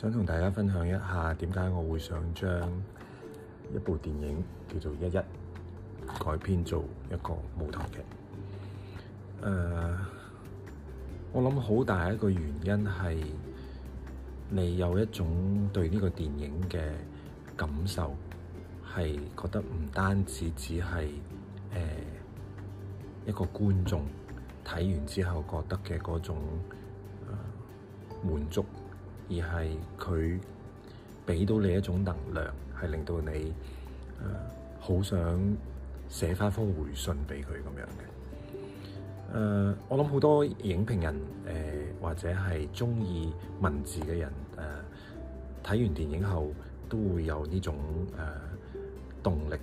想同大家分享一下點解我會想將一部電影叫做《一一》改編做一個舞台劇。誒、呃，我諗好大一個原因係你有一種對呢個電影嘅感受，係覺得唔單止只係、呃、一個觀眾睇完之後覺得嘅嗰種、呃、滿足。而係佢俾到你一種能量，係令到你誒好、呃、想寫翻封回信俾佢咁樣嘅。誒、呃，我諗好多影評人誒、呃，或者係鍾意文字嘅人誒，睇、呃、完電影後都會有呢種誒、呃、動力嘅。誒、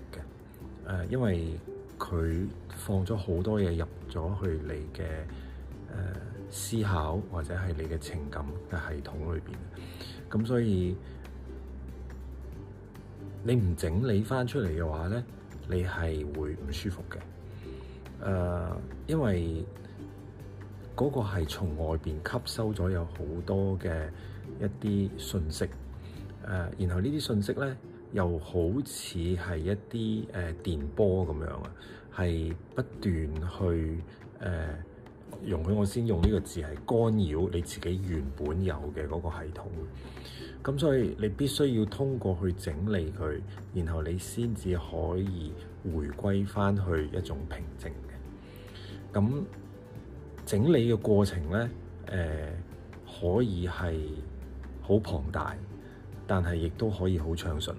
呃，因為佢放咗好多嘢入咗去你嘅誒。呃思考或者係你嘅情感嘅系統裏邊，咁所以你唔整理翻出嚟嘅話，咧，你係會唔舒服嘅。誒、呃，因為嗰個係從外邊吸收咗有好多嘅一啲信息，誒、呃，然後呢啲信息咧又好似係一啲誒、呃、電波咁樣啊，係不斷去誒。呃容許我先用呢個字係干擾你自己原本有嘅嗰個系統，咁所以你必須要通過去整理佢，然後你先至可以回歸翻去一種平靜嘅。咁整理嘅過程呢，誒、呃、可以係好龐大，但係亦都可以好暢順。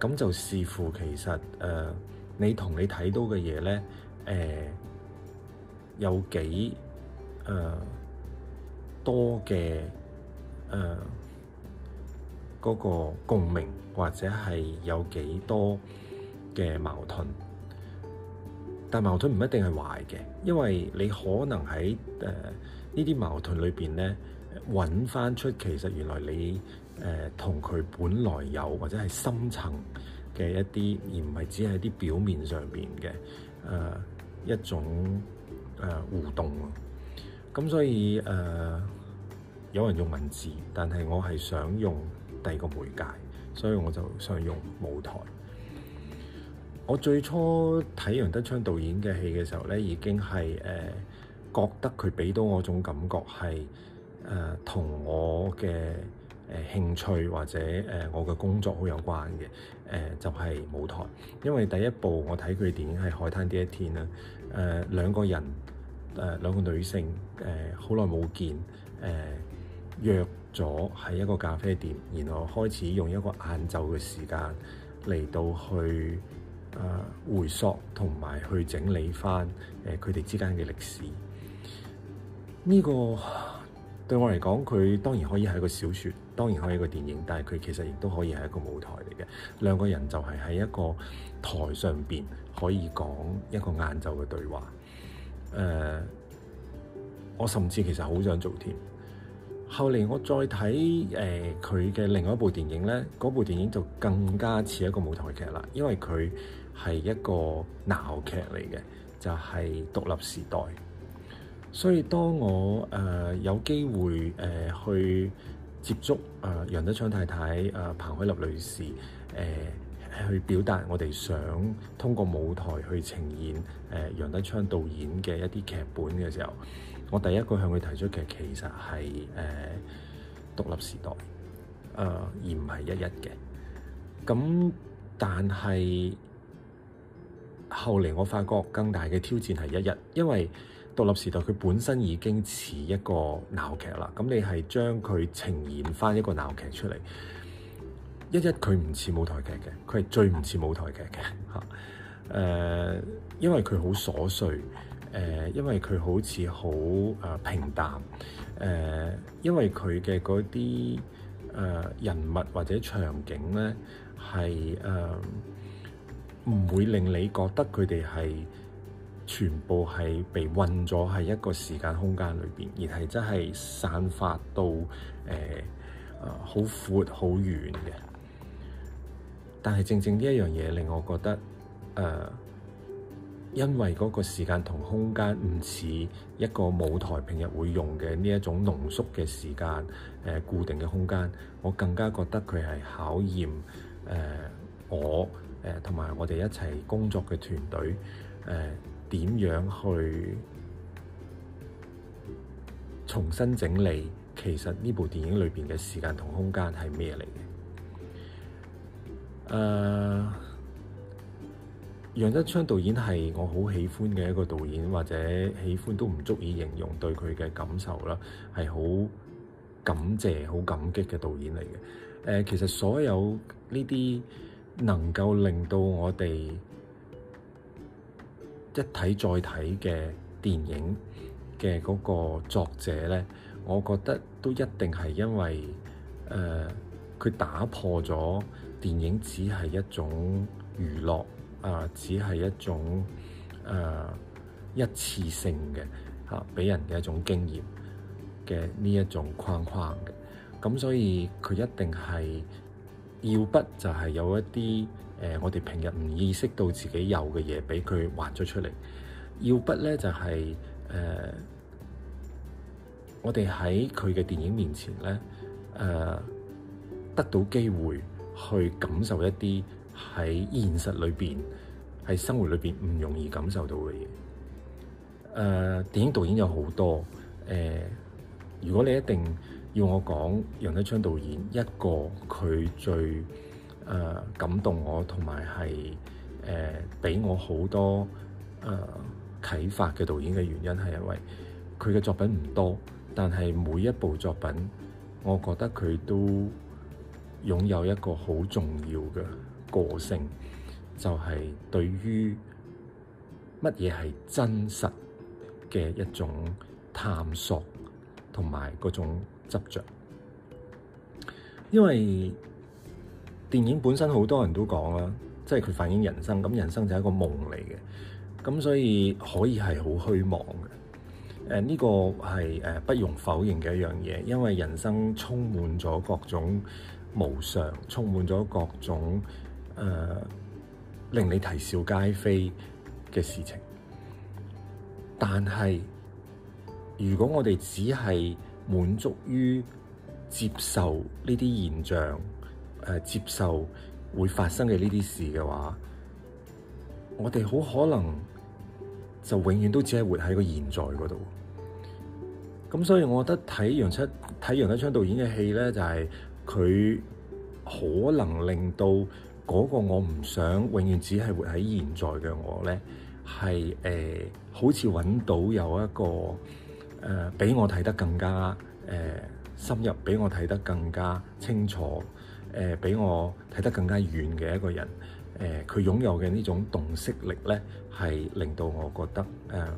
咁就視乎其實誒、呃，你同你睇到嘅嘢呢。誒、呃。有幾誒、呃、多嘅誒嗰個共鳴，或者係有幾多嘅矛盾。但矛盾唔一定係壞嘅，因為你可能喺誒呢啲矛盾裏邊咧，揾翻出其實原來你誒同佢本來有或者係深層嘅一啲，而唔係只係啲表面上邊嘅誒一種。誒互動喎，咁所以誒、呃、有人用文字，但係我係想用第二個媒介，所以我就想用舞台。我最初睇楊德昌導演嘅戲嘅時候咧，已經係誒、呃、覺得佢俾到我種感覺係誒同我嘅誒、呃、興趣或者誒、呃、我嘅工作好有關嘅，誒、呃、就係、是、舞台。因為第一部我睇佢嘅電影係《海灘的一天》啦、呃，誒兩個人。誒兩個女性誒好耐冇見，誒、呃、約咗喺一個咖啡店，然後開始用一個晏晝嘅時間嚟到去誒、呃、回溯同埋去整理返誒佢哋之間嘅歷史。呢、這個對我嚟講，佢當然可以係一個小說，當然可以係一個電影，但係佢其實亦都可以係一個舞台嚟嘅。兩個人就係喺一個台上邊可以講一個晏晝嘅對話。誒，uh, 我甚至其實好想做添。後嚟我再睇誒佢嘅另外一部電影呢，嗰部電影就更加似一個舞台劇啦，因為佢係一個鬧劇嚟嘅，就係、是、獨立時代。所以當我誒、呃、有機會誒、呃、去接觸誒、呃、楊德昌太太誒、呃、彭海立女士誒。呃去表達我哋想通過舞台去呈現誒楊德昌導演嘅一啲劇本嘅時候，我第一個向佢提出嘅其實係誒、呃、獨立時代，誒、呃、而唔係一一嘅。咁但係後嚟我發覺更大嘅挑戰係一一，因為獨立時代佢本身已經似一個鬧劇啦，咁你係將佢呈現翻一個鬧劇出嚟。一一佢唔似舞台劇嘅，佢係最唔似舞台劇嘅吓。誒、啊，因為佢好瑣碎，誒、啊，因為佢好似好誒平淡，誒、啊，因為佢嘅嗰啲誒人物或者場景咧，係誒唔會令你覺得佢哋係全部係被混咗喺一個時間空間裏邊，而係真係散發到誒啊好闊好遠嘅。但係正正呢一樣嘢令我覺得，誒、呃，因為嗰個時間同空間唔似一個舞台平日會用嘅呢一種濃縮嘅時間，誒、呃、固定嘅空間，我更加覺得佢係考驗誒、呃、我誒同埋我哋一齊工作嘅團隊誒點、呃、樣去重新整理其實呢部電影裏邊嘅時間同空間係咩嚟嘅？誒、uh, 楊德昌導演係我好喜歡嘅一個導演，或者喜歡都唔足以形容對佢嘅感受啦。係好感謝、好感激嘅導演嚟嘅。誒、uh, 其實所有呢啲能夠令到我哋一睇再睇嘅電影嘅嗰個作者咧，我覺得都一定係因為誒、uh, 佢打破咗，電影只係一種娛樂，啊、呃，只係一種誒、呃、一次性嘅嚇，俾、啊、人嘅一種經驗嘅呢一種框框嘅。咁所以佢一定係要不就係有一啲誒、呃、我哋平日唔意識到自己有嘅嘢俾佢畫咗出嚟。要不咧就係、是、誒、呃、我哋喺佢嘅電影面前咧誒、呃、得到機會。去感受一啲喺現實裏邊，喺生活裏邊唔容易感受到嘅嘢。誒、呃，電影導演有好多。誒、呃，如果你一定要我講楊德昌導演一個佢最誒、呃、感動我同埋係誒俾我好多誒、呃、啟發嘅導演嘅原因係因為佢嘅作品唔多，但係每一部作品我覺得佢都。擁有一個好重要嘅個性，就係對於乜嘢係真實嘅一種探索，同埋嗰種執著。因為電影本身好多人都講啦，即係佢反映人生，咁人生就係一個夢嚟嘅，咁所以可以係好虛妄嘅。誒呢個係誒不容否認嘅一樣嘢，因為人生充滿咗各種無常，充滿咗各種誒、呃、令你啼笑皆非嘅事情。但係，如果我哋只係滿足於接受呢啲現象，誒、呃、接受會發生嘅呢啲事嘅話，我哋好可能就永遠都只係活喺個現在嗰度。咁所以，我覺得睇楊七睇楊德昌導演嘅戲咧，就係、是。佢可能令到嗰個我唔想永遠只係活喺現在嘅我咧，係誒、呃、好似揾到有一個誒、呃、比我睇得更加誒、呃、深入，比我睇得更加清楚，誒、呃、比我睇得更加遠嘅一個人。誒佢擁有嘅呢種洞悉力咧，係令到我覺得誒、呃、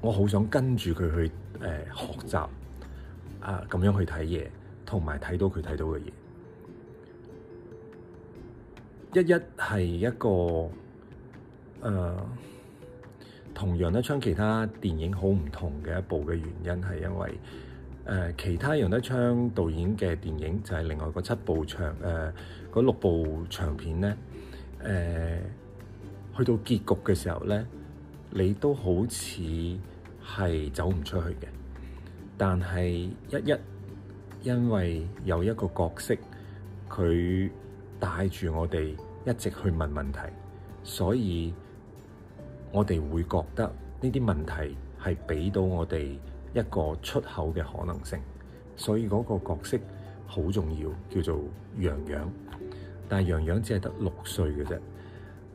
我好想跟住佢去誒、呃、學習啊，咁、呃、樣去睇嘢，同埋睇到佢睇到嘅嘢，一一係一個誒，同、呃、楊德昌其他電影好唔同嘅一部嘅原因係因為誒、呃，其他楊德昌導演嘅電影就係、是、另外嗰七部長誒，嗰、呃、六部長片咧誒、呃，去到結局嘅時候咧，你都好似係走唔出去嘅，但係一一。因為有一個角色，佢帶住我哋一直去問問題，所以我哋會覺得呢啲問題係俾到我哋一個出口嘅可能性，所以嗰個角色好重要，叫做洋洋。但係洋洋只係得六歲嘅啫、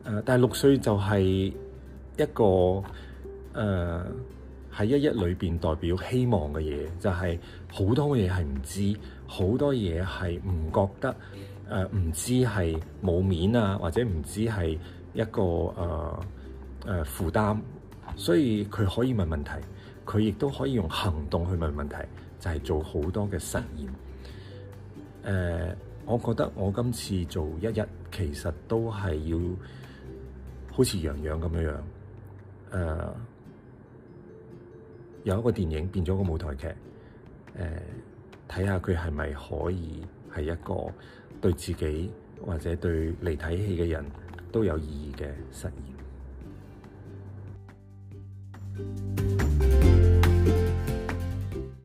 呃，但係六歲就係一個誒。呃喺一一裏邊代表希望嘅嘢，就係、是、好多嘢係唔知，好多嘢係唔覺得，誒、呃、唔知係冇面啊，或者唔知係一個誒誒、呃呃、負擔，所以佢可以問問題，佢亦都可以用行動去問問題，就係、是、做好多嘅實驗。誒、呃，我覺得我今次做一一其實都係要好似洋洋咁樣樣，誒、呃。有一個電影，變咗個舞台劇，誒，睇下佢係咪可以係一個對自己或者對嚟睇戲嘅人都有意義嘅實驗。